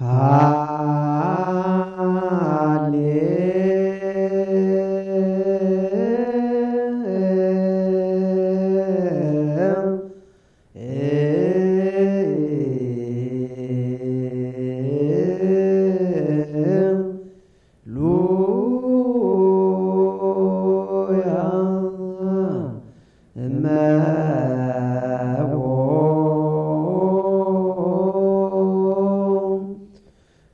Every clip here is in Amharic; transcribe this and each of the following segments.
Ah.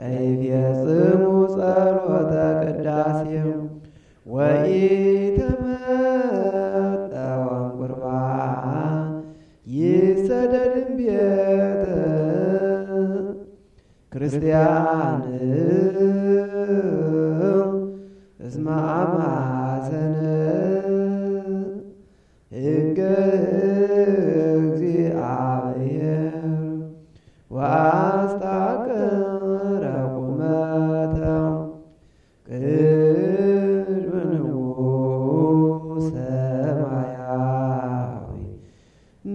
ከይፌጽሙ ጸሎተ ቅዳሴው ወኢተመጠወን ቁርባን ይሰደድ እምቤተ ክርስቲያን እስመ አማሰነ ሕገ እግዚአብሔር